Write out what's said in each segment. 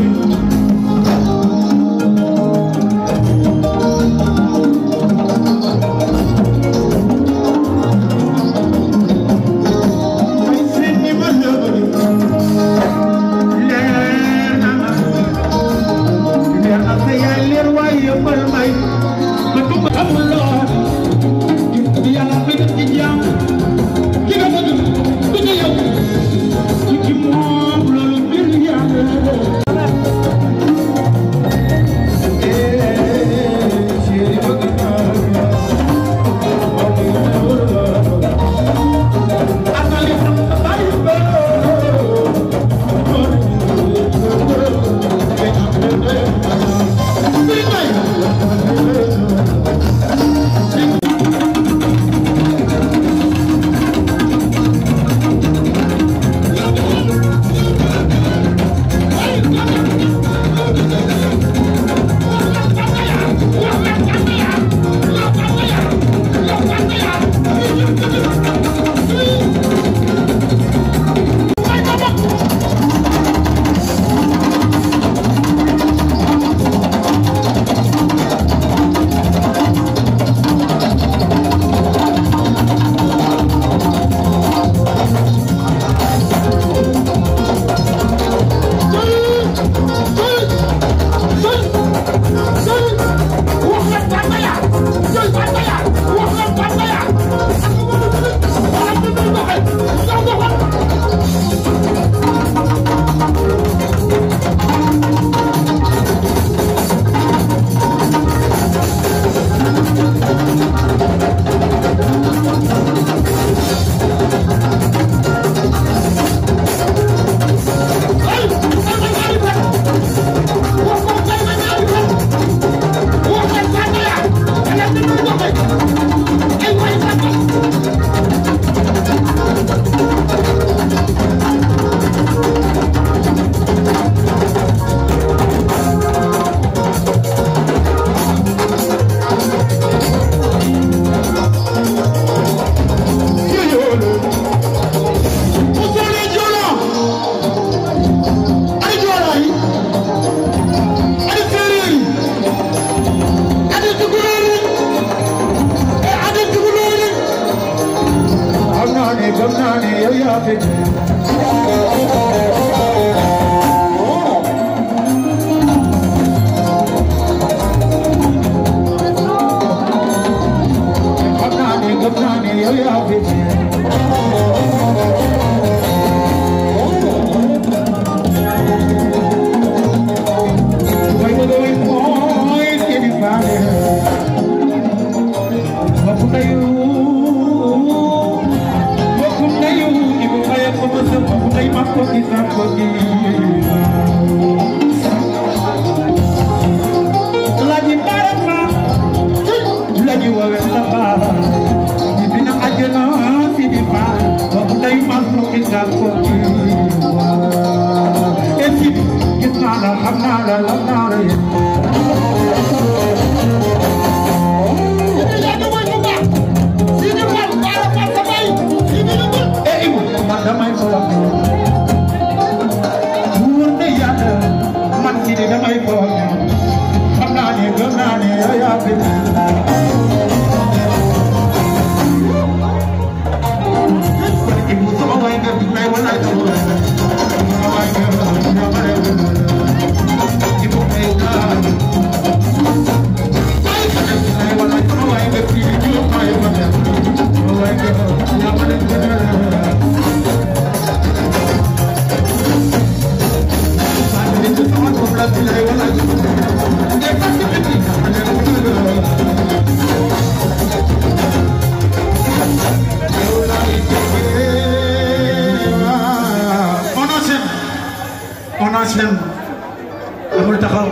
Thank you. gis leen amul taxaw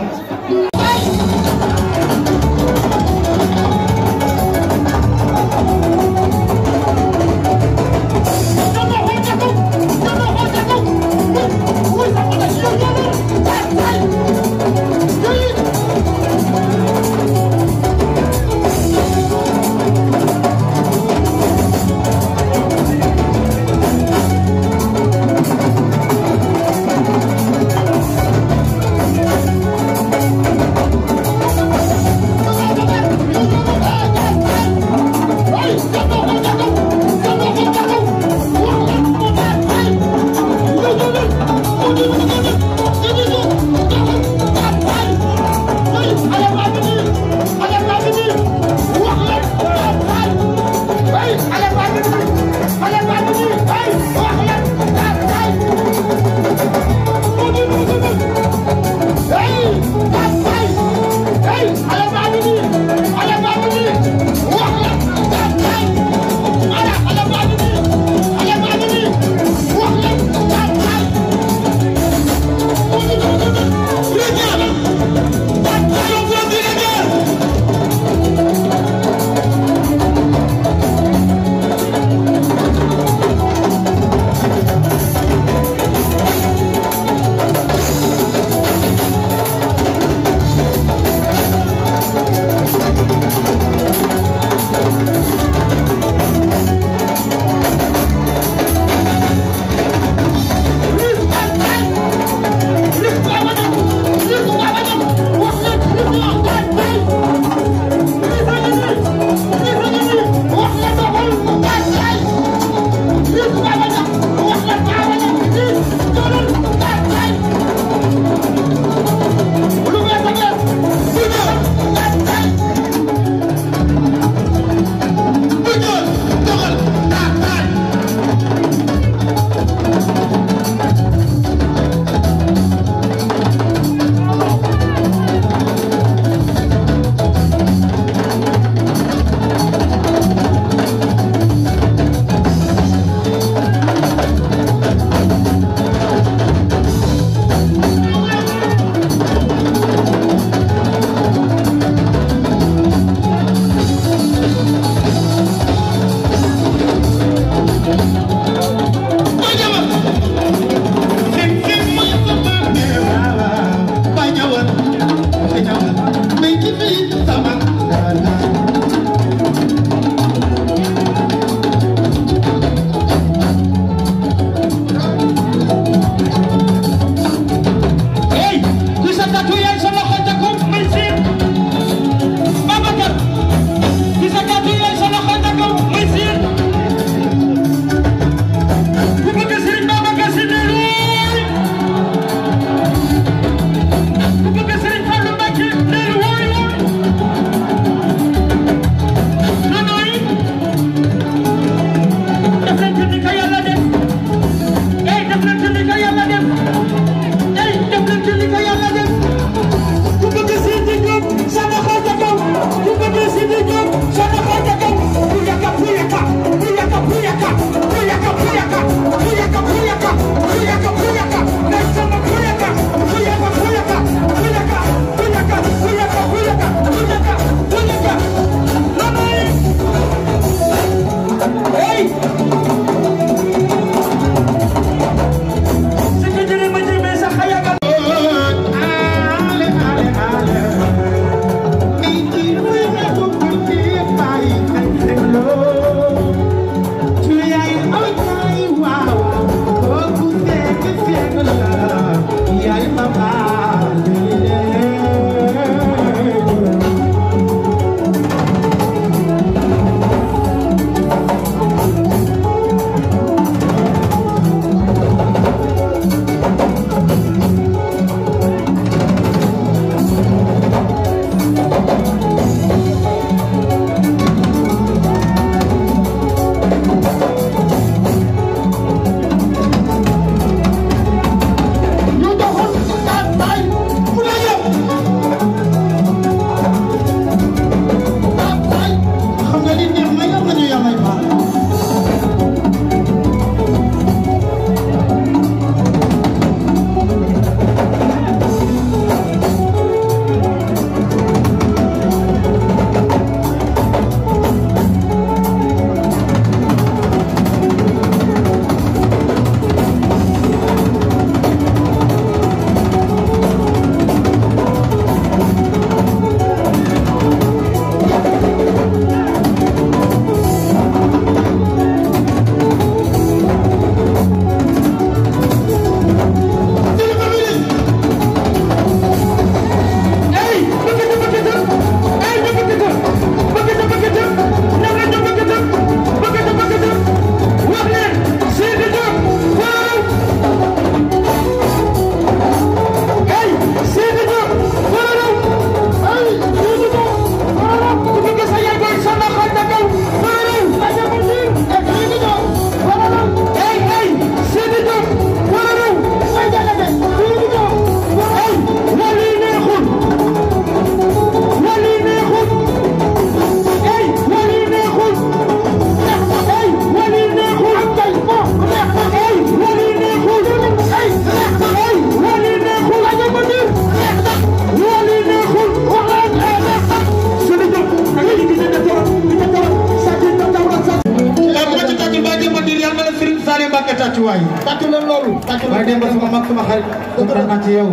tàcc na loolu. tàcc na loolu waaye sama mag sama xarit. kontaan naa ci yow.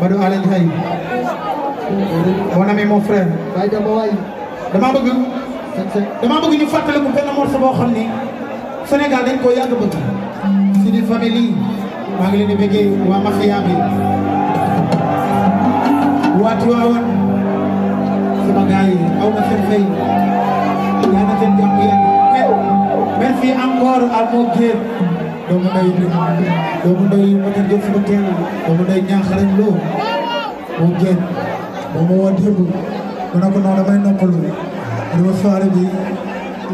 Badou Alioune Faye. mon ami mon frère. waaye Demba waay. damaa bëgg. damaa bëgg ñu fàttaliku benn morceau boo xam ni Sénégal dañ koo yàgg si di famille maa ngi leen di bëggee waa Mafia bi. waa Tiwaawan. sama gars yi aw na seen fay. yaa na seen jàmm yàgg. merci encore doomu ndeyu doomu ndeyu Matar Diop Fouta Teel doomu ndeyu Niakharañ Lo moom ngeen moom moo woo démb ma ne ko non damay noppalu dama soirée bi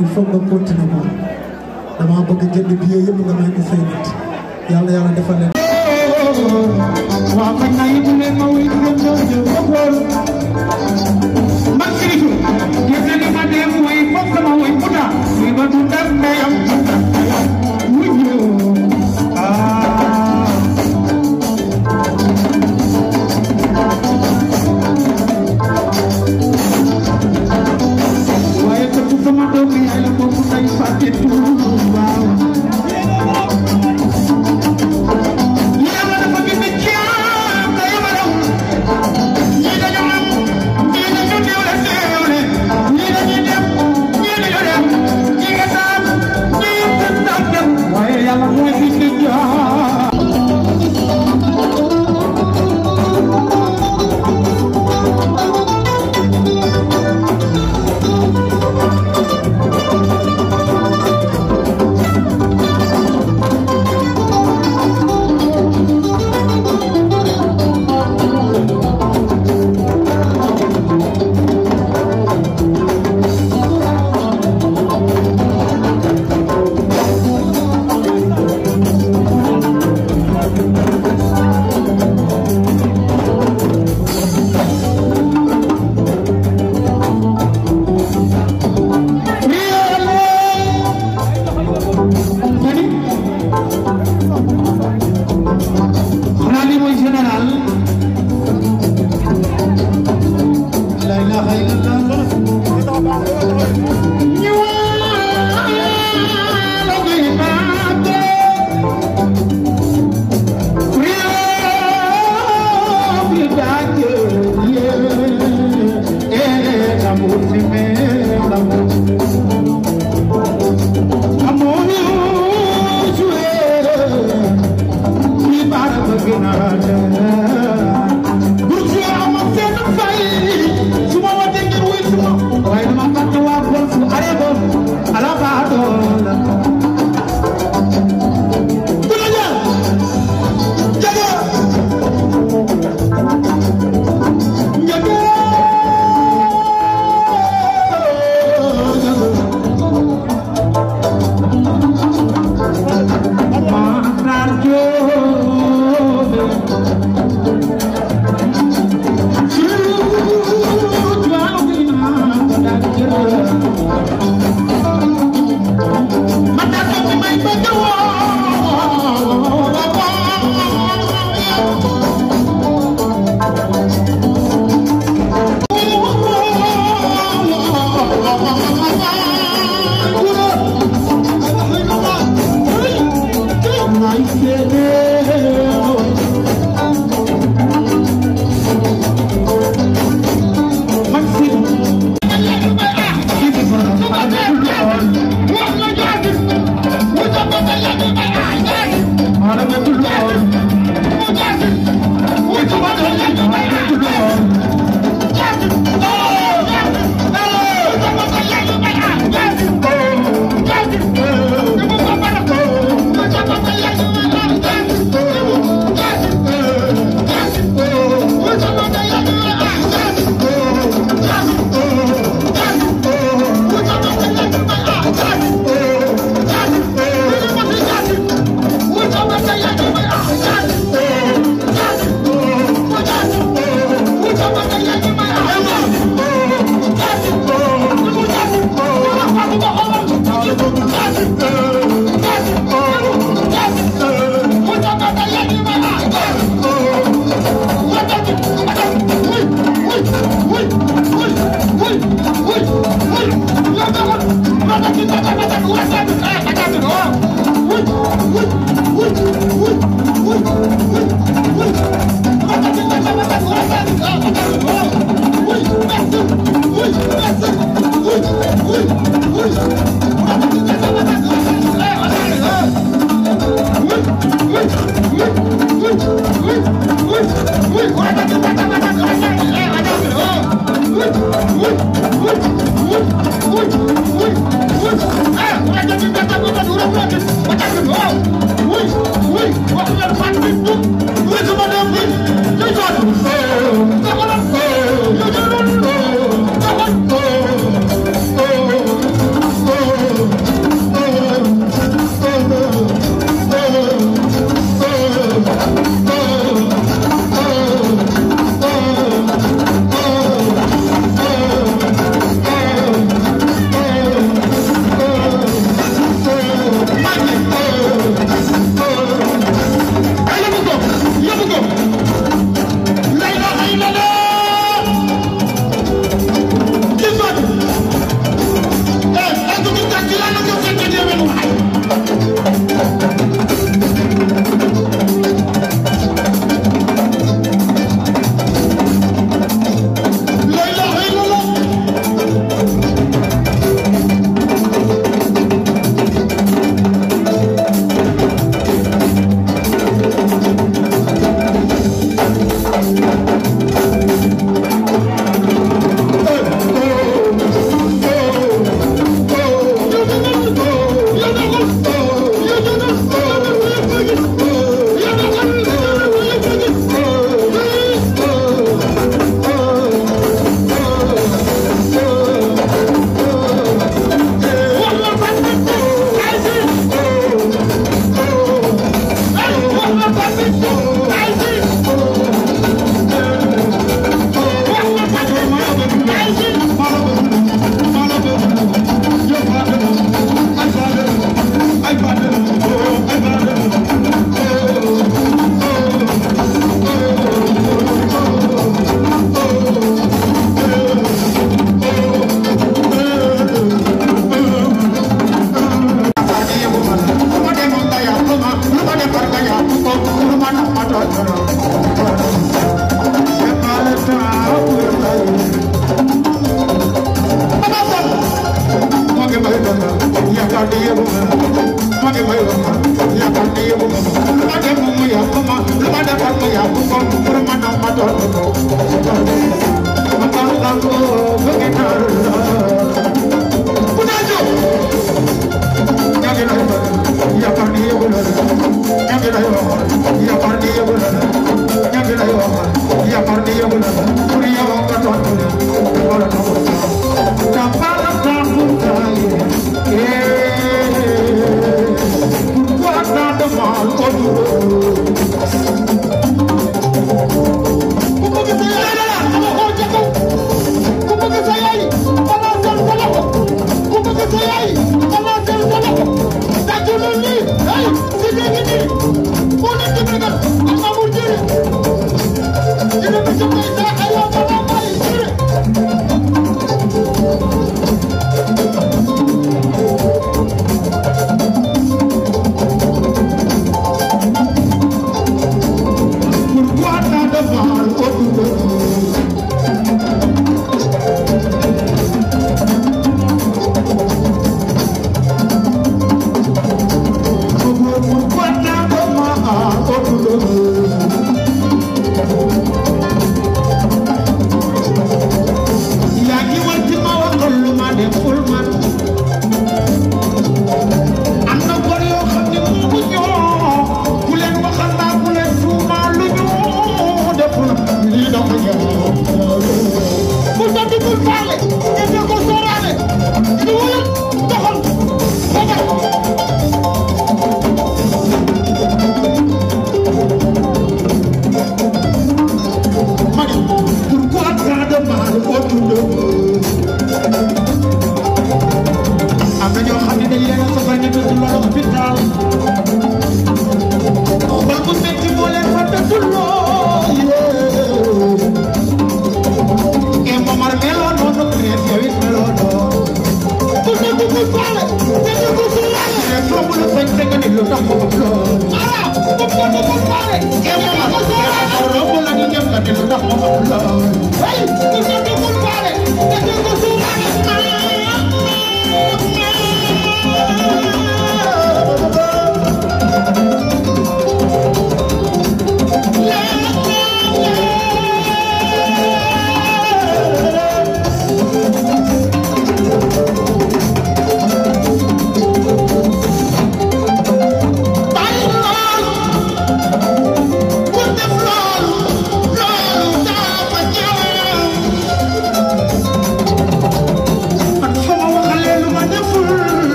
il faut nga continuer ko dama bëgg jënd billet yëpp nga may ko say nit yàlla yàlla defal leen. waaw man maa yëg ne ma wuyu si dem doon jëm ba góor man Seydou gis nga ni ma dee mooy foog sama wuy mu tax li ma dundal ndeyam.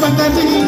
Thank you.